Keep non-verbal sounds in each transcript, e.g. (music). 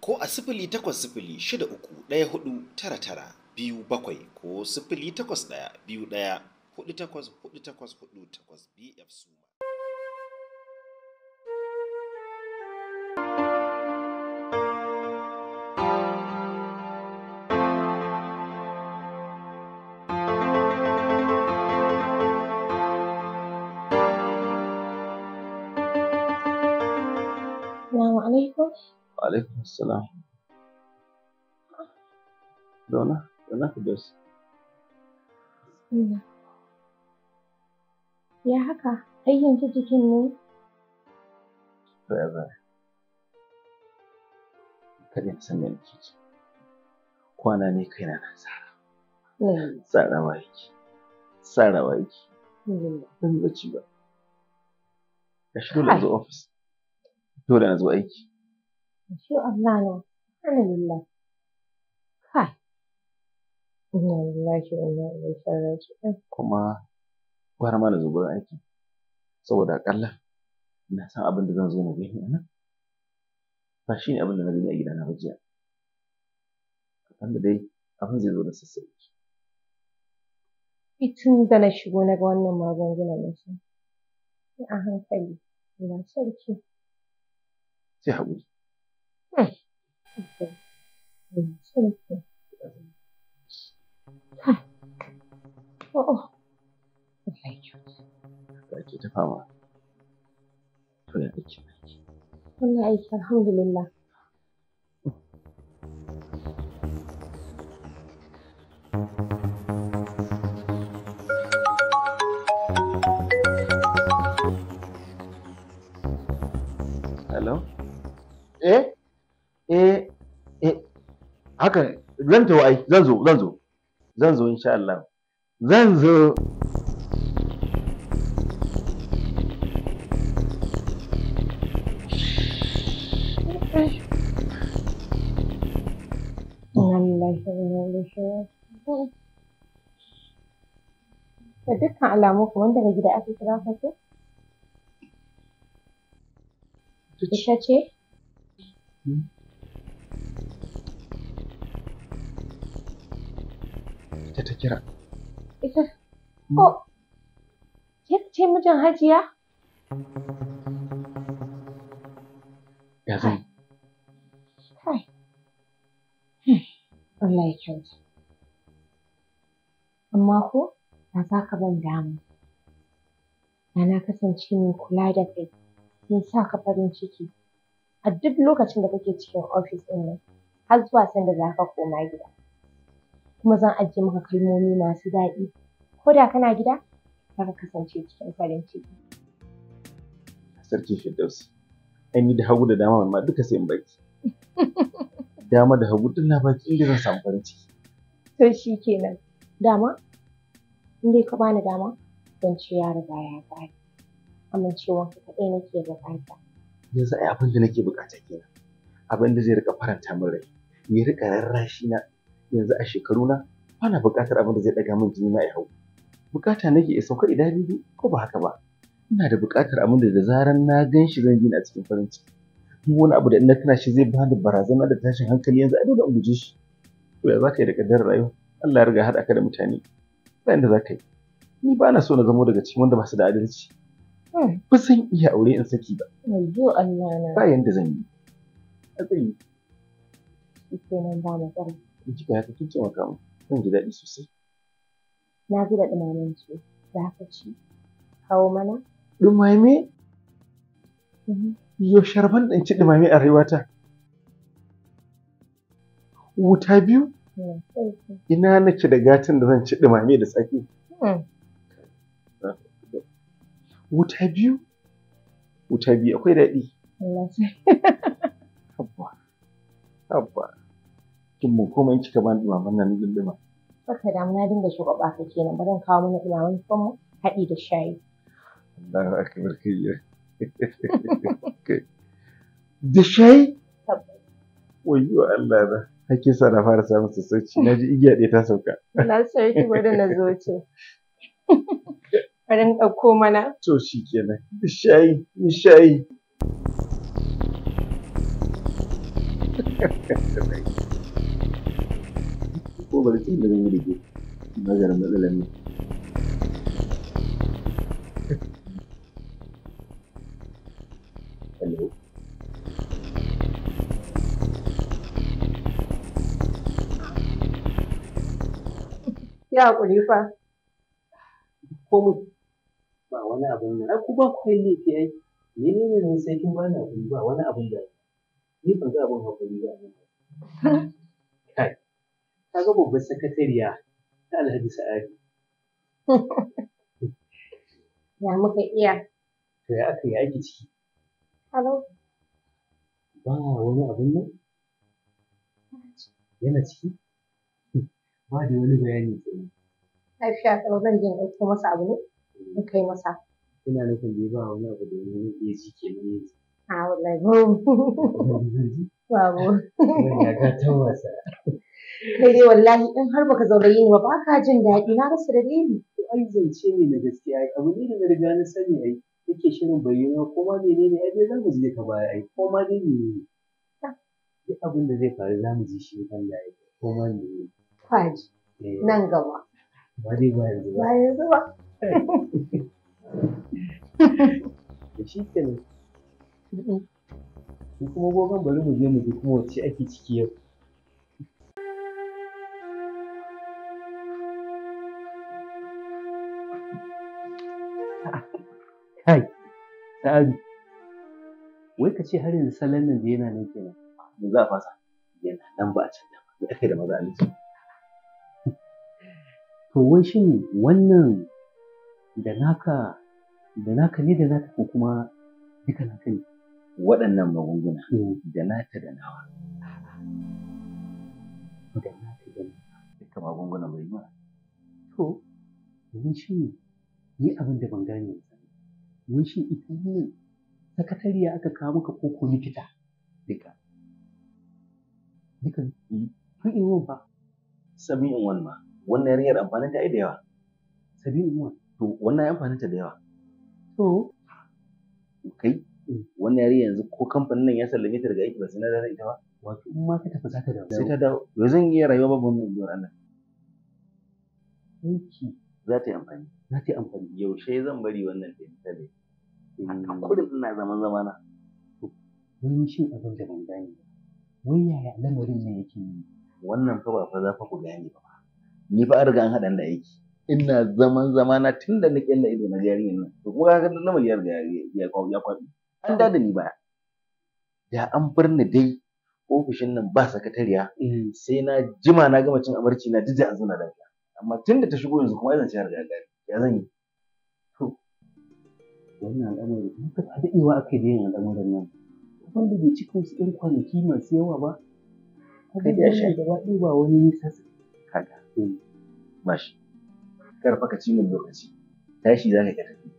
ko a sifili takwas sifili shida uku ɗaya hudu tara tara biyu bakwai ko sifili takwas ɗaya biyu ɗaya hudu takwas hudu takwas hudu takwas bf su وعليكم السلام دونة ya haka ai yanzu jikin ne to ya me nake ji kwana ne na tsara tsara wa yake wa yake na zo ofis dole na zo aiki Ashe Allah na, ana lillah. Kai. Ina lillahi wa ina ilaihi raji'un. Kuma gwara mana zubar aiki. Saboda akalla ina san abin da zan zo na gani anan. Ba shi ne abin da na gani a gidana ba jiya. da dai abin zai zo da sassauci. Tun da na shigo na ga wannan magungunan na sai. A hankali, ina sarki. Sai haƙuri. Wallahi alhamdulillah. Hello? Eh? eh eh haka zan tawo ai zan zo zan zo zan zo insha Allah zan zo Da dukkan alamu kuma daga gida aka kira ka ce? Ita ce? Hmm? ita ta kira. Ita? Ko, hmm. oh. ke ce mijin hajiya? Ya zai. Kai. Hmm. Allah ya kyauta. Amma ko, ba za ka ban damu. Da na kasance mai kula da kai, mai sa ka farin ciki. A duk lokacin da kake cikin ofis ɗin nan, har zuwa sanda za ka koma gida. kuma zan ajiye maka kalmomi masu daɗi ko da kana gida za ka kasance cikin farin ciki. Sarki Firdaus, an yi da hagu da dama amma duka sai in baki. (laughs) Dama da hagu duk na baki inda zan samu farin ciki. To shi kenan, dama? In dai ka bani dama, zan ce ya riga ya ƙare. Amincewa ka kaɗai nake buƙata. Yanzu ai abin da nake buƙata kenan. Abin da zai riƙa faranta min rai, ya riƙa rarrashi na yanzu a shekaru na bana buƙatar abin da zai ɗaga min jini na ya hau buƙata nake ya sauka idan bibi ko ba haka ba ina da buƙatar abin da da zaran na gan shi zan gina a cikin farin ciki duk wani abu da ina tana shi zai bani barazana da tashin hankali yanzu a dole in guje shi to ya zaka yi da kaddarar rayuwa Allah ya riga haɗa ka da mutane ba inda zaka yi ni ba na so na zamo daga cikin wanda ba su da adalci ba zan iya aure in saki ba yanzu Allah ba yanda zan yi a zan yi ba in kika ya kin taimaka mu zan ji daɗi sosai na ji da ɗumamen ce za ka ci kawo mana ɗumame mhm. yo sharban ɗin ci ɗumame a rayuwata wuta biyu ina nake da gatan da zan ci ɗumame da tsaki hmm. wuta biyu wuta biyu akwai daɗi Habba, habba. kin mun komai kika bani dumaman nan dindima haka da na dinga shiga baka kenan bari kawo mana dumaman kuma haɗi da shayi Allahu akbar kiyya da shayi Wayo Allah na. hakkin sa na fara samun sassauci na ji igiya ɗaya ta sauka na sarki gwada na zo ce bari ɗauko mana to kenan, da shayi da shayi Thank (laughs) you. olarak değil de beni biliyor. Nazarımda önemli. Ya kuri fa. Komu. Ba wani abun nan. Ai ku ba ku kai laifi ai. Ni ne ne sai kin bani ba wani abun da. Ni ban ga abun hakuri ba. ta ga babbar sakatariya ta alhaji sa'adi (laughs) ya muka iya to ya aka yi aiki ciki Hello. ba wani abin nan yana ciki ba da wani bayani kenan lafiya tsaro zan je in masa abu ne in kai masa ina nufin bai ba wani abu da wani ya ji nan ah, ya ji a wallahi (laughs) babu babu ya ga tawasa kai dai wallahi in har baka zaurayi ni ba ba ka jin daɗi na rasa da to ai zance ne na gaskiya ai abu ne da na riga na sani ai yake shirin bayyana ko ma menene ai dai zamu je ka baya ai ko ma dai ne duk abin da zai faru zamu ji shi kan da ai ko ma menene kwaji eh. nan gaba ba dai ba yanzu ba yanzu ba da (laughs) shi kenan kuma gogon bari mu je mu ji kuma wacce ake ciki yau tsari wai ka ce har yanzu salon nan da yana nan kenan da za a fasa yana nan ba a canza ba ya kai da maza aliki (laughs) to wai shin wannan da naka da naka ne da naka ko kuma duka naka ne waɗannan magunguna eh. da naka da nawa da naka da nawa duka magunguna bai ma to yanzu shi ni abin da ban gane ba wai shi ita wannan sakatariya aka kawo maka ko ko likita duka duka tun in ba sami in ma wannan yariyar amfanin ta da yawa sami in to wannan ya amfanin ta da yawa to kai mm. wannan yariyar yanzu ko kamfanin nan ya sallame ta daga aiki ba sai na da ita ba wato in ma ka tafi za ta dawo sai ta dawo to zan iya rayuwa babu wannan biyar Allah aiki za ta yi amfani za ta yi amfani yaushe zan bari wannan ta yi haka eh. kurin ina zaman zamana wani shin abin da ban ba. wai yaya lamarin ne yake yi wannan fa ba fa za fa ku gane ba ni fa an riga an haɗa da aiki ina zaman zamana tun da na kella ido na jaririn nan to kuma ga lamar ya riga ya ya kwabi an da ni baya da an birni dai ofishin nan ba sakatariya eh. sai na jima na gama cin abarci na jijja a zuna lafiya amma tun da ta shigo yanzu kuma ya zance ya riga ya zan yi wannan al'amari ta ta daɗewa aka yi yin al'amuran nan wanda bai cika wasu ɗan kwanaki masu yawa ba Kada ya shi da ɗaya ba wani nisa kaga ba eh. kar fa ka ci min lokaci tashi za ka tafi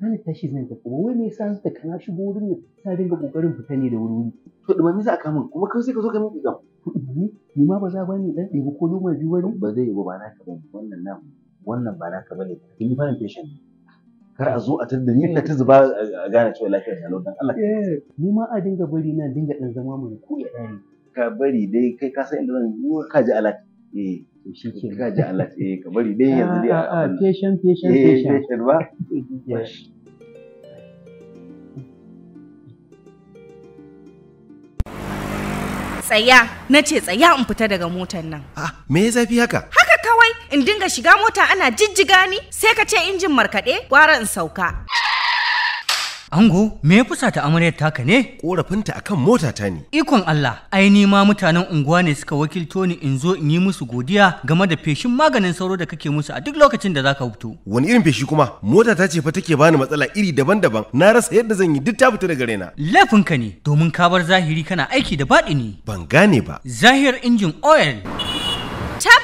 gane tashi zan tafi ba wani nisa su da kana shigo wurin da ta dinga kokarin fita ne da wuri to da mami za a mun? kuma kai sai ka zo ka miƙe gam ni ma ba za ba ni dan ɗebi ko loma biyu ba ba zai yi ba ba ka ba wannan nan wannan ba naka ba ne ka yi fahimtation ne kar a zo a tar da ni eh. ta zuba a gane cewa lafiyar ta laudan Allah ni eh, ma a dinga bari na dinga dan zama mun ko ya dare ka bari dai kai ka san inda zan yi ka ji Allah. eh shi ke ka ji alat eh ka bari dai ah, yanzu dai a patient ah, ah, patient patient eh ba (laughs) tsaya na ce tsaya in fita daga motar nan. Ah, me ya zafi haka? kawai in dinga shiga mota ana jijjiga ni sai ka ce injin markaɗe gwara in sauka. Ango, me ya fusa ta amaryar taka ne? Ƙorafinta a kan mota ta ne. Ikon Allah, ai ni ma mutanen unguwa ne suka wakilto ni in zo in yi musu godiya game da feshin maganin sauro da kake musu a duk lokacin da zaka fito. Wani irin feshi kuma? Mota ta ce fa take bani matsala iri daban-daban. Na rasa yadda zan yi duk ta fito daga raina. ka ne, domin ka bar zahiri kana aiki da baɗi ne. Ban gane ba. Zahir injin oil. Tab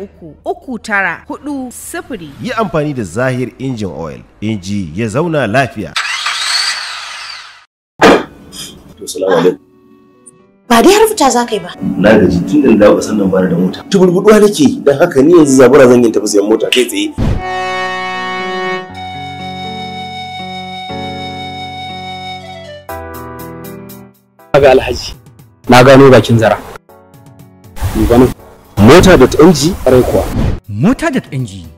uku uku tara hudu sifiri. Yi amfani da Zahir injin oil, inji ya zauna lafiya. Ba dai har fita za ka yi ba. Na gaji tun da dawo sannan nan bara da mota. Tuburbuduwa nake don haka ni yanzu zabura zan yi tafi sayan mota kai tsaye. ga alhaji na gano bakin zara mota.ng kuwa. mota.ng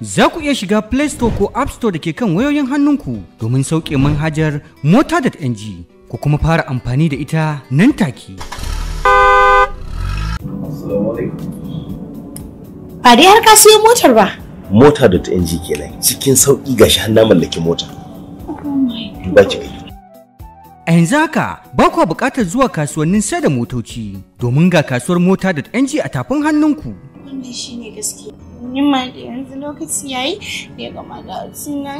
za ku iya shiga Play Store ko App Store da ke kan wayoyin hannunku domin sauƙe manhajar mota.ng ku kuma fara amfani da ita nan take. Ba dai har ka siyo motar ba. Mota.ng kenan cikin sauƙi ga shi na mallakin mota. Duba ki gani. A yanzu haka ba kuwa buƙatar zuwa kasuwannin sai da motoci domin ga kasuwar mota.ng a tafin hannunku. wannan shine nima da yanzu lokaci da ya gama da na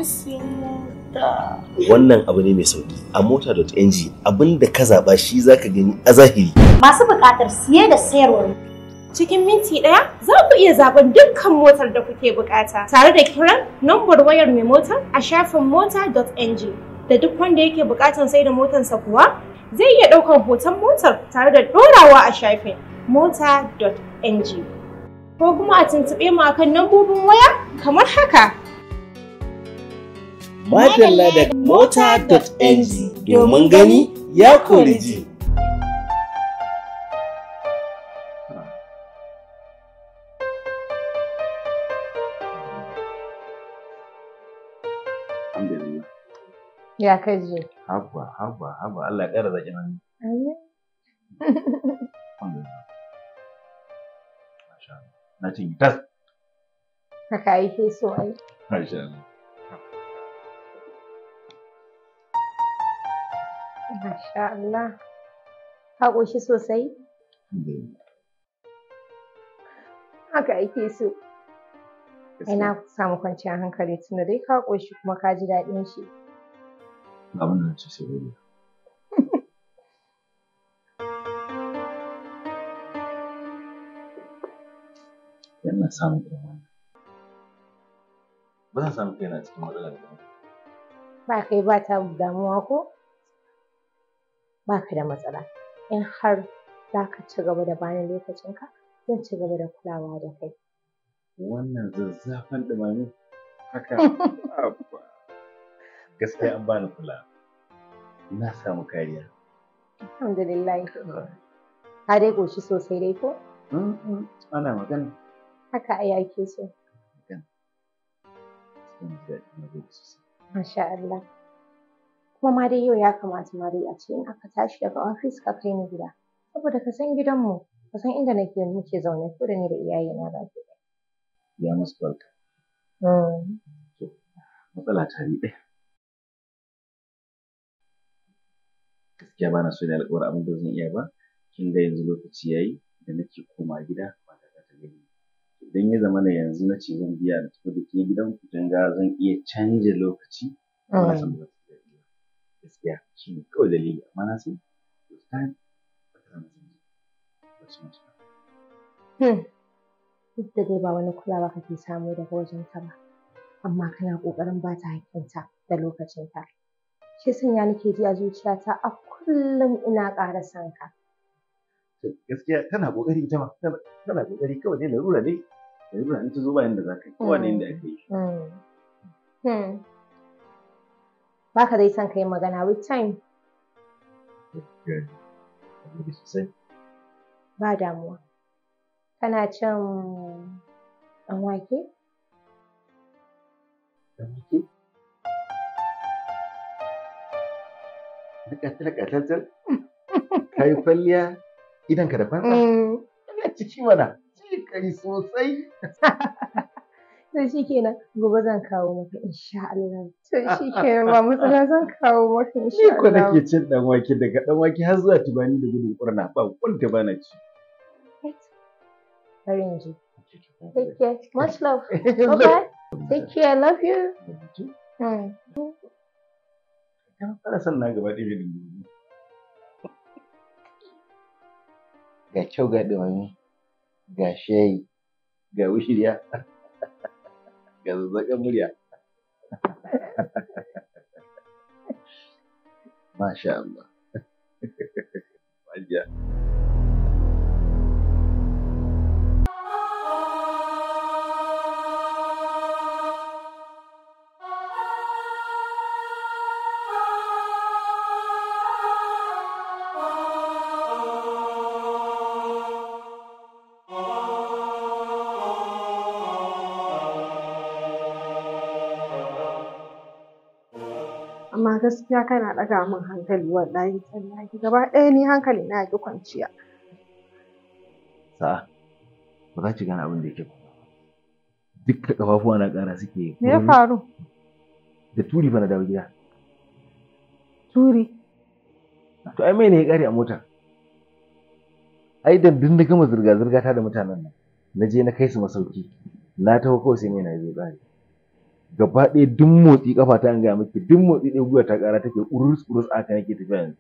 mota wannan abu ne mai sauki a mota.ng da ka zaba shi zaka gani a zahiri masu buƙatar siye da sayarwar cikin minti ɗaya za ku iya zaɓen dukkan motar da kuke buƙata tare da kiran nambar wayar mai mota a shafin mota.ng da duk wanda yake buƙatar sai da motarsa kuwa zai iya ɗaukar hoton motar tare da ɗorawa a shafin mota.ng ko kuma a tuntuɓe mu akan lambobin waya kamar haka. Madalla da mota.ng domin gani ya kori ji. Ya kaji. Habba, habba, habba, Allah ya ƙara zaƙi na nan. Amin. na cinye tas haka yake so ai masha Allah masha Allah ka ƙoshi sosai haka ake so ai na samu kwanciyar hankali tunda dai ka ƙoshi kuma ka ji daɗin shi abin da na ci sai na samun irin wannan ba zan samu kaina cikin matsalar ba ba kai ba ta damuwa ko ba ka da matsala in har za ka ci gaba da bayan lokacinka zan ci gaba da kulawa da kai wannan zazzafan dumami haka (laughs) gaskiya an bani kula na samu kariya alhamdulillah ka dai ƙoshi sosai dai ko ana magana haka ai ake so Masha Allah. Kuma ma dai yau ya kamata mari a ce aka tashi daga ofis ka kai ni gida. Saboda ka san gidanmu, ka san inda nake muke zaune ko da ni da na ba ke Ya musu barka. Mm. Matsala ta ni ɗaya. Gaskiya ba na so da alƙawar abin da zan iya ba. Kin ga yanzu lokaci ya yi da nake koma gida idan ya zama na yanzu na ce zan biya da tafi da ke gidan ku tun ga zan iya canja lokaci amma san ba su biya gaskiya shi ne kawai dalili amma na san time ba ta zama ba su mutu ba. duk da dai ba wani kulawa kake samu daga wajen ta ba amma kana ƙoƙarin ba ta haƙƙinta da lokacinta shi sanya nake ji a zuciyata a kullum ina ƙara son ka gaskiya tana ƙoƙari ita ma tana ƙoƙari kawai dai larura dai Larura in ta zo bayan za ka yi, kowa da yadda aka yi. Ba ka dai son ka yi magana with time. Ba damuwa. Kana cin ɗan wake? Ɗan wake? ƙatar ka yi kwalliya idanka da fanta? Ina ciki mana. shekari sosai. Sai (laughs) shi ke nan, gobe zan kawo maka insha Allah. Sai (laughs) shi ke nan, ba matsala zan kawo maka insha Allah. Shi ko nake cin dan wake daga dan wake har zuwa tubani da gudun kurna ba kun da bana ci. Bari in ji. Take care. Much (laughs) love. Okay. Take care. Love you. Kana hmm. fara son na gaba ɗaya da Ga kyau ga ɗumami. ga shayi ga wushirya (laughs) ga zazzaɓin murya (laughs) masha Allah gaskiya kana ɗaga min hankali wallahi tallahi gaba ɗaya ni hankali na yaƙi kwanciya sa'a ba za ki gane abin da yake ba duk da ƙafafuwa na ƙara suke me ya faru da turi fa na dawo gida turi to ai mene ne ya ƙare a mota ai dandun na gama zirga-zirga ta da mutanen nan na je na kai su masauki na taho kawai sai ne na zai ƙare gaba ɗaya duk motsi kafa ta an gaya miki duk motsi ɗaya gwiwa ta ƙara take urus urus a haka nake tafiya yanzu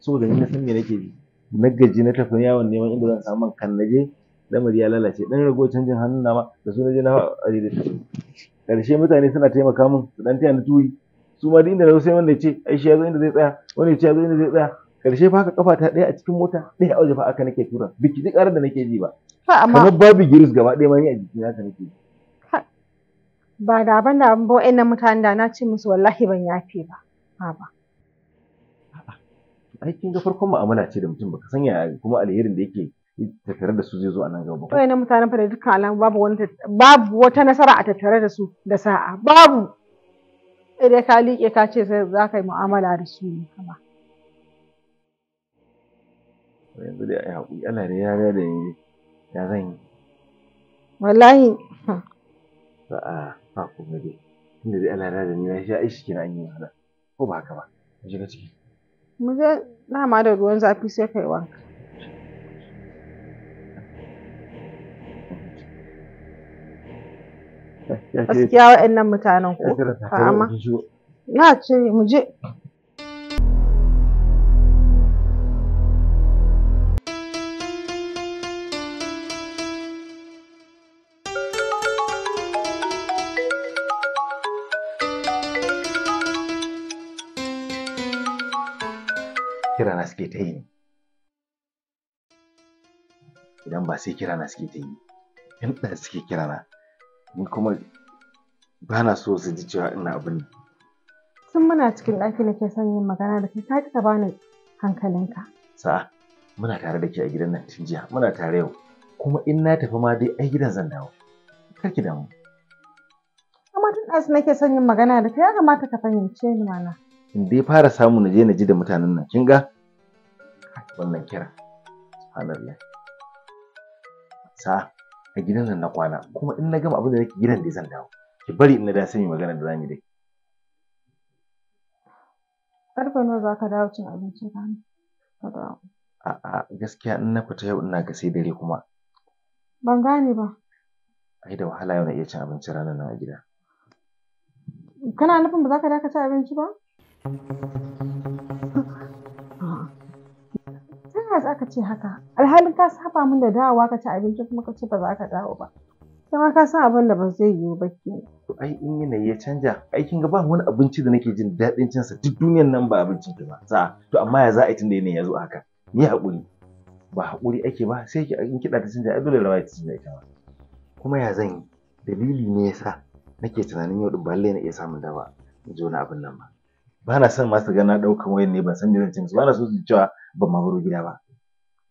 saboda ni na san me nake ji na gaji na tafi yawon neman inda zan samu kan naje lamari ya lalace dan rago canjin hannun na ma da su naje na adaidaita karshe mutane suna taimaka min su dan taya ni turi, su ma duk inda na sai wanda ya ce ai shi ya inda zai tsaya wanda ya ce ya zo inda zai tsaya karshe fa haka kafa ta ɗaya a cikin mota ɗaya a waje fa haka nake tura biki duk ƙarar da nake ji ba kamar babu giris gaba ɗaya ma ni a jikina ta nake ji ba da ban da ba wa'annan mutanen da na ce musu wallahi ban yafe ba ba Aikin kin ga farkon mu'amala ce da mutum baka san yaya kuma alherin da yake tattare da su zai zo a nan gaba wa'annan mutanen fa da dukkan alamu babu wani babu wata nasara a tattare da su da sa'a babu idan ka liƙe ka ce sai za ka yi mu'amala da su ne kama yanzu dai ai haƙuri Allah da yara da ya zan yi wallahi sa'a ba komai dai tunda zai Allah ya da ni na sha aiki kina an yi ko ba haka ba mu shiga ciki mu je dama da ruwan zafi sai kai wanka gaskiya waɗannan mutanen ku, fa'ama na ce mu je suke ta yi idan ba sai kira na suke ta yi in ɗan suke kira na ni kuma ba na so su ji cewa ina abin sun muna cikin ɗaki nake son yin magana da kai ka ka bani hankalinka sa'a muna tare da ke a gidan nan tun jiya muna tare yau kuma in na tafi ma dai ai gidan zan dawo kar ki damu amma tun ɗazu nake son yin magana da kai ya kamata ka fahimce ni mana in dai fara samu na je na ji da mutanen nan kin ga wannan kira subhanallah sa a gidan nan na kwana kuma in na gama abin da nake gidan da zan dawo ki bari in na da sai magana da zamu dai karfe nawa za ka dawo cin abinci ka a a'a gaskiya in na fita yau ina ga sai dare kuma ban gane ba ai da wahala yau na iya cin abinci ranar nan a gida kana nufin ba za ka dakata abinci ba ta za ka ce haka alhalin ka saba min da dawowa ka ci abinci kuma ka ce ba za ka dawo ba sai ma ka san abin da ba zai yiwu ba ke to ai in yanayi ya canja ai kin ga ba wani abinci da nake jin daɗin cin sa duk duniyar nan ba abincin ta ba sa to amma ya za a yi tunda yanayi ya zo haka ni haƙuri ba haƙuri ake ba sai ki in kiɗa ta canja ai dole rawa ta canja ita ma kuma ya zan yi dalili ne yasa nake tunanin yau din ba lallai na iya samun dawa in ji wani abin nan ba ba na son masu gana ɗaukan wayan ne ban san me zan ci ba na so su cewa ban ma baro gida ba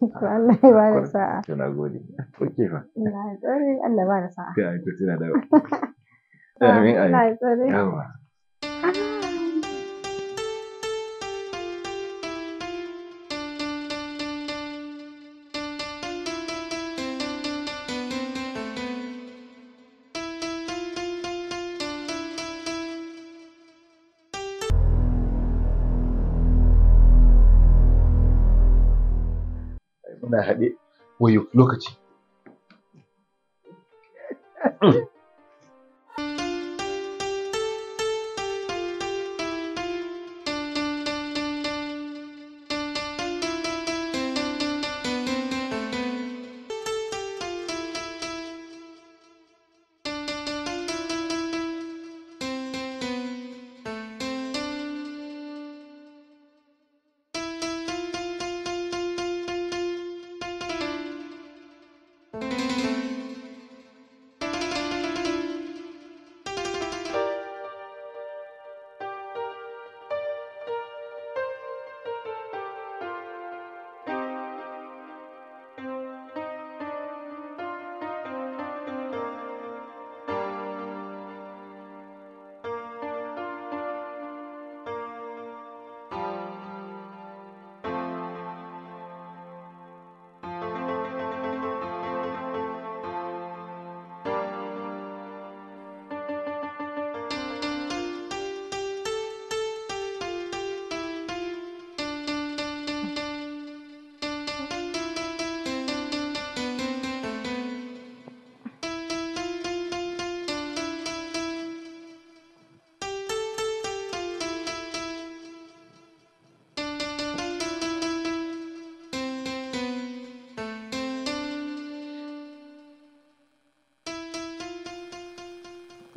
wallahi ba da sa'a to na gode oke fa tsare Allah ba da sa'a (laughs) tana da (laughs) ah, amin tsare yawa koyo lokaci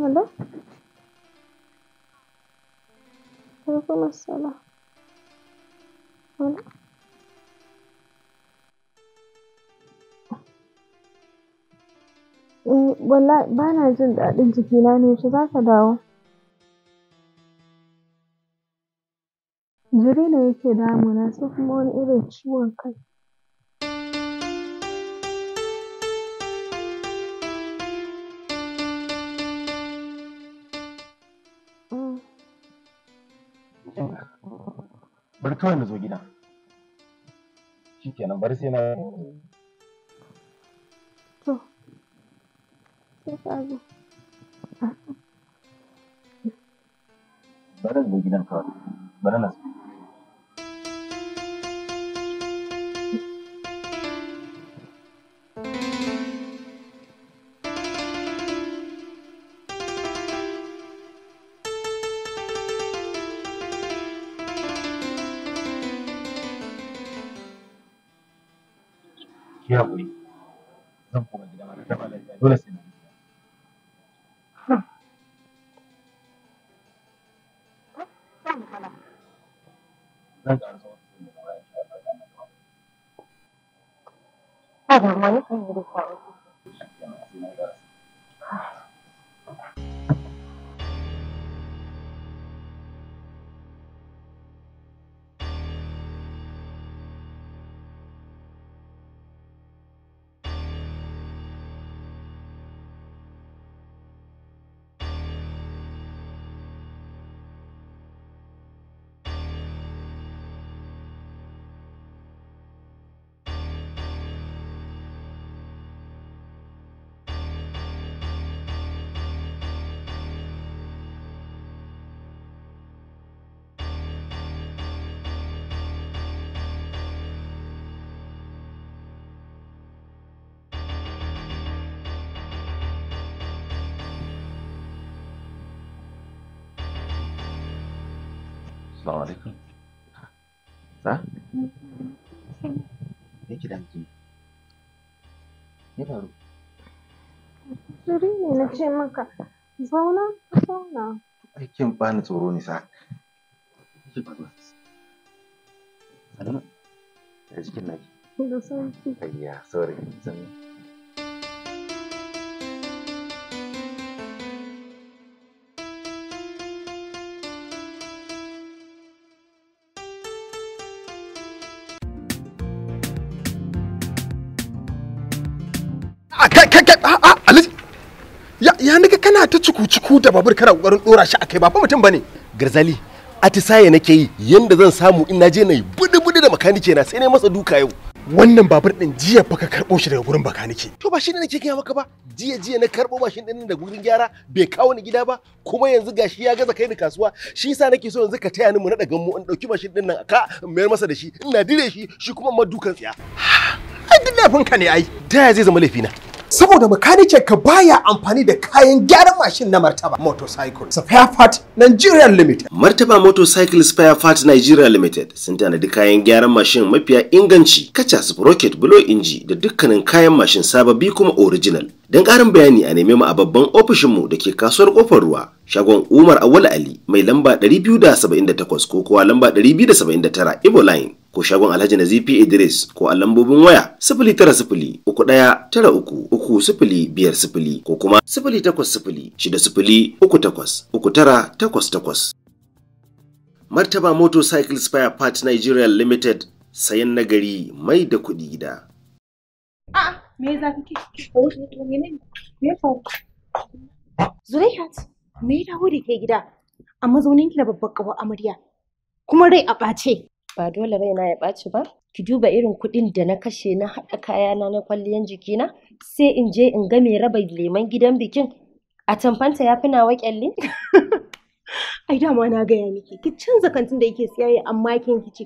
হলো এরকম আসছে না Wala? wallahi na jin daɗin jikina ne yaushe za ka dawo jiri ne yake na, sai kuma wani irin ciwon kai bar kawai na zo gida shikenan bar sai na to sai ka zo bari zo gidan kawai bar na zo Assalamu alaikum. Sa? Me ki damki? Me faru? Jiri ne na ce maka, zauna, zauna. Eh, Aikin bani tsoro ne sa. Ki faru. Salama. Ya jikin naki. Da sauki. Ayya, sorry. Sannan. kake a alhaji ya ya nika kana ta cuku-cuku da babur kana kokarin dora shi akai ba fa mutum bane garzali atisaye nake yi yanda zan samu in naje nayi budu-budu da makanike na sai na masa duka yau wannan babur din jiya fa ka karbo shi daga gurin makanike to ba shi ne nake gaya maka ba jiya jiya na karbo mashin din da gurin gyara bai kawo ni gida ba kuma yanzu gashi ya gaza kai ni kasuwa shi yasa nake so yanzu ka taya ni mu naɗa gammu in dauki mashin din nan ka mayar masa da shi ina dire shi shi kuma ma dukan tsiya ai duk laifin ka ne ai da zai zama laifina saboda makanike ka baya amfani da kayan gyaran mashin na martaba motorcycle spare part nigeria limited martaba motorcycle spare part nigeria limited sun tanadi kayan gyaran mashin mafiya inganci kaca sprocket blow inji da dukkanin kayan mashin sababi kuma original Don ƙarin bayani a neme mu a babban ofishinmu da ke kasuwar ƙofar ruwa shagon Umar Awal Ali mai lamba 278 ko kuwa lamba 279 Ibo Line ko shagon Alhaji na ZP Idris ko a lambobin waya 09031933050 ko kuma 08060383988. Martaba Motorcycle Spire Part Nigeria Limited sayan nagari mai da kuɗi gida. Ah. me za ka ki ko shi to mene me fa Zulaihat me ke gida a mazaunin ki babbar kawo amarya kuma rai a ɓace ba dole raina ya ɓaci ba ki duba irin kuɗin da na kashe na haɗa kayana na kwalliyan jikina sai in je in ga mai raba leman gidan bikin a tamfanta ya fi nawa kyalli (laughs) ai dama na gaya miki ki canza kantin da yake siyaye amma kin kici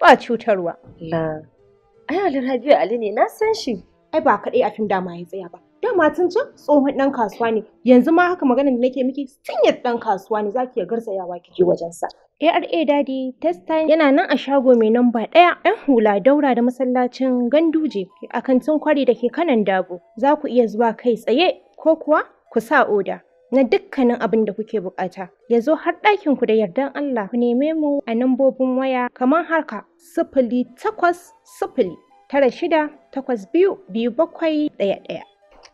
ba cutarwa. La, ai Alhaji Ali ne na san shi. Ai ba kaɗai a fim dama ya tsaya ba. Dama tun can tsohon ɗan kasuwa ne, yanzu ma haka maganar da nake miki yadda ɗan kasuwa ne za ki iya garzayawa kike wajensa. ARA Daddy test time yana nan a shago mai namba ɗaya ‘yan hula daura da masallacin ganduje a kantin kwari da ke kanan dago. Za ku iya zuwa kai tsaye ko kuwa ku sa oda. na dukkanin abin da kuke bukata. Ya zo har ɗakin ku da yardan Allah ku neme mu a nambobin waya kamar harka sifili takwas sifili tara shida takwas biyu biyu bakwai ɗaya ɗaya.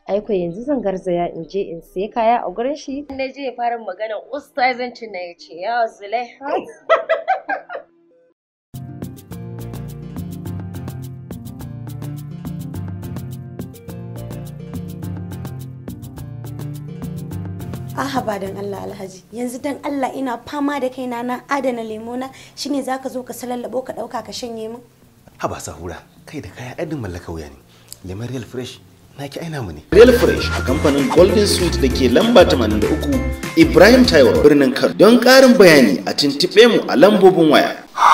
Aiko yanzu zan garzaya in je in siya kaya a gurin shi. Na je fara maganar ustazancin na ya ce yawa zulai. (laughs) Aha ba dan Allah Alhaji yanzu dan Allah ina fama da kaina na adana lemona shine zaka zo ka salallabo ka ɗauka ka shanye min. Haba sahura kai da kaya ɗan mallaka wuya ne. Lemon Real Fresh na ki aina mu ne. Real Fresh a kamfanin Golden Sweet da ke lamba 83 Ibrahim Taiwo birnin Kano. Don ƙarin bayani a tuntuɓe mu a lambobin waya.